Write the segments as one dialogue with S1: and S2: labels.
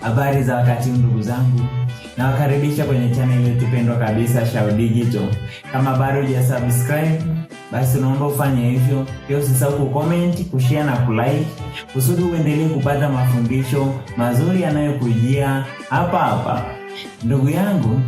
S1: Habari za wakati huu ndugu zangu, nawakaribisha kwenye channel yetu pendwa kabisa Shao Digital. Kama bado hujasubscribe, basi unaomba ufanye hivyo. Pia usisahau kucomment, kushare na kulike kusudi uendelee kupata mafundisho mazuri yanayokujia hapa hapa. Ndugu yangu,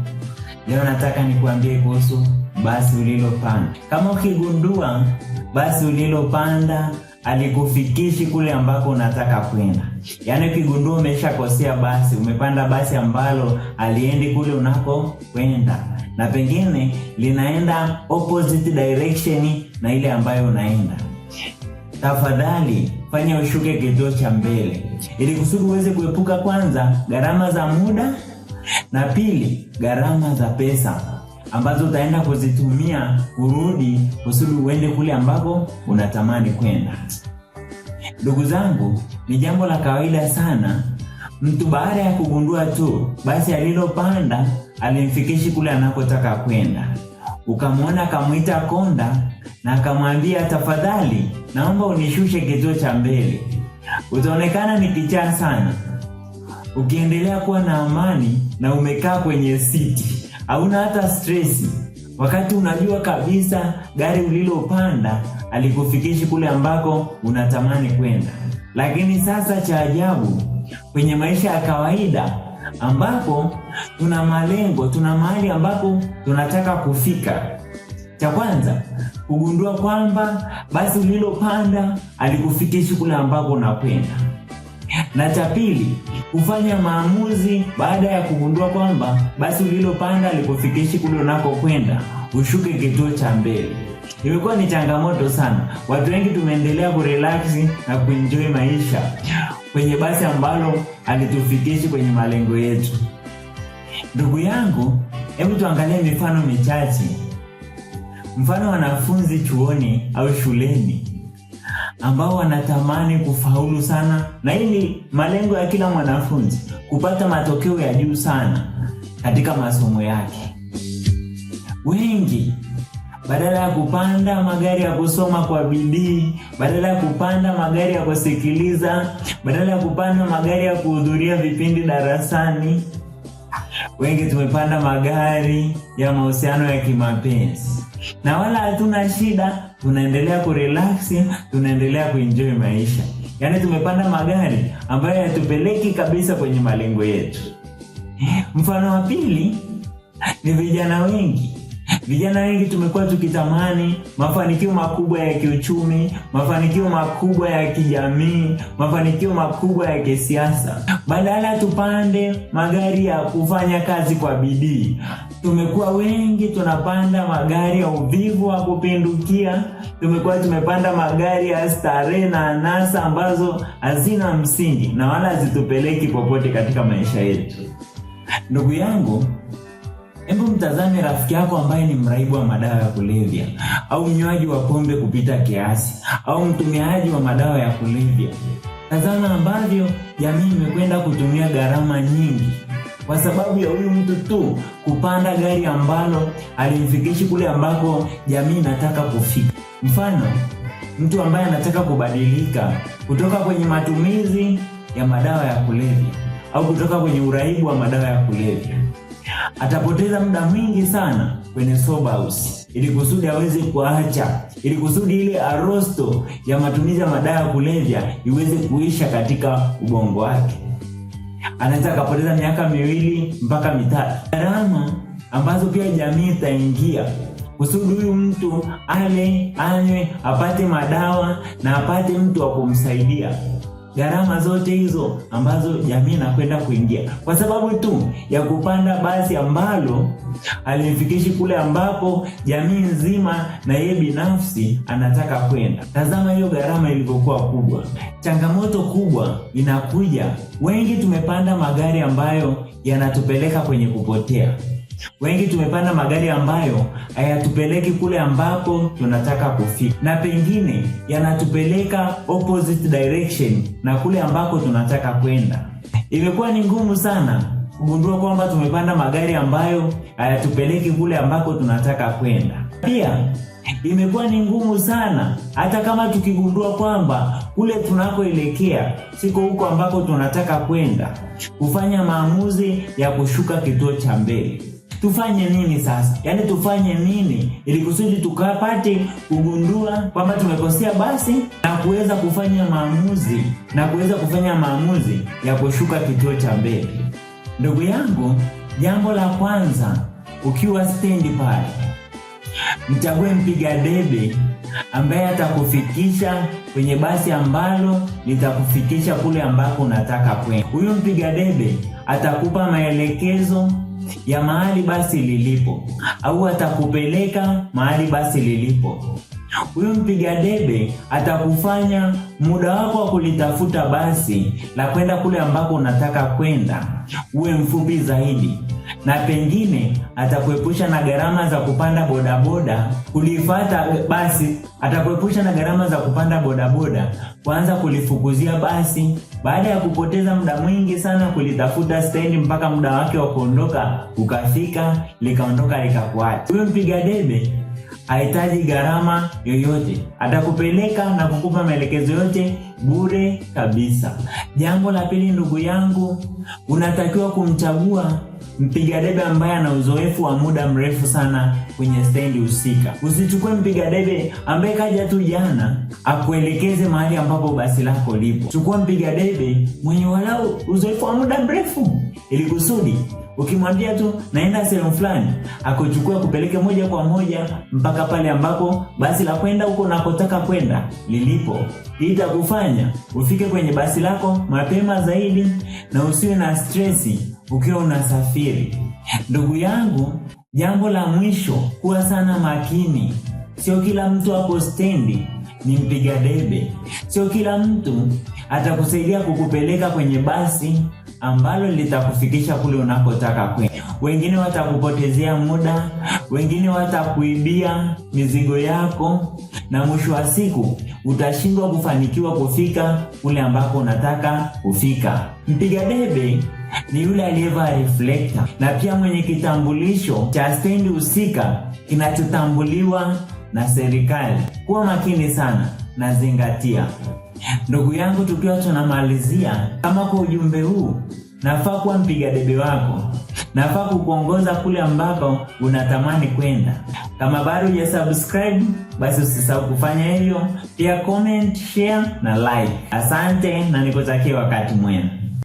S1: leo nataka nikuambie kuhusu basi ulilopanda. Kama ukigundua basi ulilopanda alikufikishi kule ambako unataka kwenda Yaani ukigundua umeshakosea basi, umepanda basi ambalo aliendi kule unakokwenda, na pengine linaenda opposite direction na ile ambayo unaenda. Tafadhali fanya ushuke kituo cha mbele, ili kusudi uweze kuepuka kwanza gharama za muda na pili gharama za pesa ambazo utaenda kuzitumia kurudi kusudi uende kule ambako unatamani kwenda. Ndugu zangu, ni jambo la kawaida sana mtu baada ya kugundua tu basi alilopanda alimfikishi kule anakotaka kwenda. Ukamwona akamwita konda na akamwambia, tafadhali naomba unishushe kituo cha mbele. Utaonekana ni kichaa sana ukiendelea kuwa na amani na umekaa kwenye siti, hauna hata stresi wakati unajua kabisa gari ulilopanda alikufikishi kule ambako unatamani kwenda. Lakini sasa cha ajabu kwenye maisha ya kawaida ambapo tuna malengo, tuna mahali ambapo tunataka kufika. Cha kwanza kugundua kwamba basi ulilopanda alikufikishi kule ambako unakwenda na cha pili kufanya maamuzi baada ya kugundua kwamba basi ulilopanda alikufikishi kule unakokwenda, ushuke kituo cha mbele. Imekuwa ni changamoto sana, watu wengi tumeendelea kurelaksi na kuenjoi maisha kwenye basi ambalo alitufikishi kwenye malengo yetu. Ndugu yangu, hebu tuangalie mifano michache. Mfano wanafunzi chuoni au shuleni ambao wanatamani kufaulu sana, na hii ni malengo ya kila mwanafunzi, kupata matokeo ya juu sana katika masomo yake. Wengi badala ya kupanda magari ya kusoma kwa bidii, badala ya kupanda magari ya kusikiliza, badala ya kupanda magari ya kuhudhuria vipindi darasani, wengi tumepanda magari ya mahusiano ya kimapenzi, na wala hatuna shida tunaendelea kurelaksi tunaendelea kuenjoy maisha. Yaani tumepanda magari ambayo yatupeleki kabisa kwenye malengo yetu. Mfano wa pili ni vijana wengi Vijana wengi tumekuwa tukitamani mafanikio makubwa ya kiuchumi, mafanikio makubwa ya kijamii, mafanikio makubwa ya kisiasa, badala tupande magari ya kufanya kazi kwa bidii. Tumekuwa wengi tunapanda magari ya uvivu wa kupindukia, tumekuwa tumepanda magari ya starehe na anasa ambazo hazina msingi na wala hazitupeleki popote katika maisha yetu. Ndugu yangu Hebu mtazame rafiki yako ambaye ni mraibu wa madawa ya kulevya au mnywaji wa pombe kupita kiasi au mtumiaji wa madawa ya kulevya. Tazama ambavyo jamii imekwenda kutumia gharama nyingi kwa sababu ya huyu mtu tu kupanda gari ambalo alimfikishi kule ambako jamii inataka kufika. Mfano, mtu ambaye anataka kubadilika kutoka kwenye matumizi ya madawa ya kulevya au kutoka kwenye uraibu wa madawa ya kulevya atapoteza muda mwingi sana kwenye sobaus house, ili kusudi aweze kuacha, ili kusudi ile arosto ya matumizi ya madawa ya kulevya iweze kuisha katika ubongo wake. Anaweza akapoteza miaka miwili mpaka mitatu, gharama ambazo pia jamii itaingia kusudi huyu mtu ale, anywe, apate madawa na apate mtu wa kumsaidia gharama zote hizo ambazo jamii inakwenda kuingia kwa sababu tu ya kupanda basi ambalo alimfikishi kule ambapo jamii nzima na yeye binafsi anataka kwenda. Tazama hiyo gharama ilivyokuwa kubwa. Changamoto kubwa inakuja, wengi tumepanda magari ambayo yanatupeleka kwenye kupotea. Wengi tumepanda magari ambayo hayatupeleki kule ambapo tunataka kufika, na pengine yanatupeleka opposite direction na kule ambako tunataka kwenda. Imekuwa ni ngumu sana kugundua kwamba tumepanda magari ambayo hayatupeleki kule ambako tunataka kwenda. Pia imekuwa ni ngumu sana hata kama tukigundua kwamba kule tunakoelekea siko huko ambako tunataka kwenda, kufanya maamuzi ya kushuka kituo cha mbele. Tufanye nini sasa? Yaani tufanye nini ili kusudi tukapate kugundua kwamba tumekosea basi na kuweza kufanya maamuzi na kuweza kufanya maamuzi ya kushuka kituo cha mbele. Ndugu yangu, jambo la kwanza ukiwa stendi pale, mchague mpiga debe ambaye atakufikisha kwenye basi ambalo litakufikisha kule ambako unataka kwenda. Huyu mpiga debe atakupa maelekezo ya mahali basi lilipo, au atakupeleka mahali basi lilipo. Huyu mpiga debe atakufanya muda wako wa kulitafuta basi la kwenda kule ambako unataka kwenda uwe mfupi zaidi, na pengine atakuepusha na gharama za kupanda bodaboda kulifata eh, basi, atakuepusha na gharama za kupanda bodaboda kuanza kulifukuzia basi baada ya kupoteza muda mwingi sana kulitafuta stendi mpaka muda wake wa kuondoka ukafika, likaondoka likakuacha. Huyo mpiga debe hahitaji gharama yoyote, atakupeleka na kukupa maelekezo yote bure kabisa. Jambo la pili, ndugu yangu, unatakiwa kumchagua mpiga debe ambaye ana uzoefu wa muda mrefu sana kwenye stendi husika. Usichukue mpiga debe ambaye kaja tu jana akuelekeze mahali ambapo basi lako lipo. Chukua mpiga debe mwenye walau uzoefu wa muda mrefu, ili kusudi Ukimwambia tu naenda sehemu fulani, akuchukua kupeleke moja kwa moja mpaka pale ambapo basi la kwenda huko unakotaka kwenda lilipo. Hii itakufanya ufike kwenye basi lako mapema zaidi na usiwe na stresi ukiwa unasafiri. Ndugu yangu, jambo la mwisho, kuwa sana makini. Sio kila mtu hapo stendi ni mpiga debe. Sio kila mtu atakusaidia kukupeleka kwenye basi ambalo litakufikisha kule unakotaka kwenda. Wengine watakupotezea muda, wengine watakuibia mizigo yako, na mwisho wa siku utashindwa kufanikiwa kufika kule ambako unataka kufika. Mpiga debe ni yule aliyevaa reflector na pia mwenye kitambulisho cha stendi husika kinachotambuliwa na serikali. Kuwa makini sana na zingatia. Ndugu yangu, tukiwa tunamalizia, kama kwa ujumbe huu nafaa kuwa mpiga debe wako, nafaa kukuongoza kule ambako unatamani kwenda. Kama bado hujasubscribe, basi usisahau kufanya hivyo, pia comment, share na like. Asante na nikutakie wakati mwema.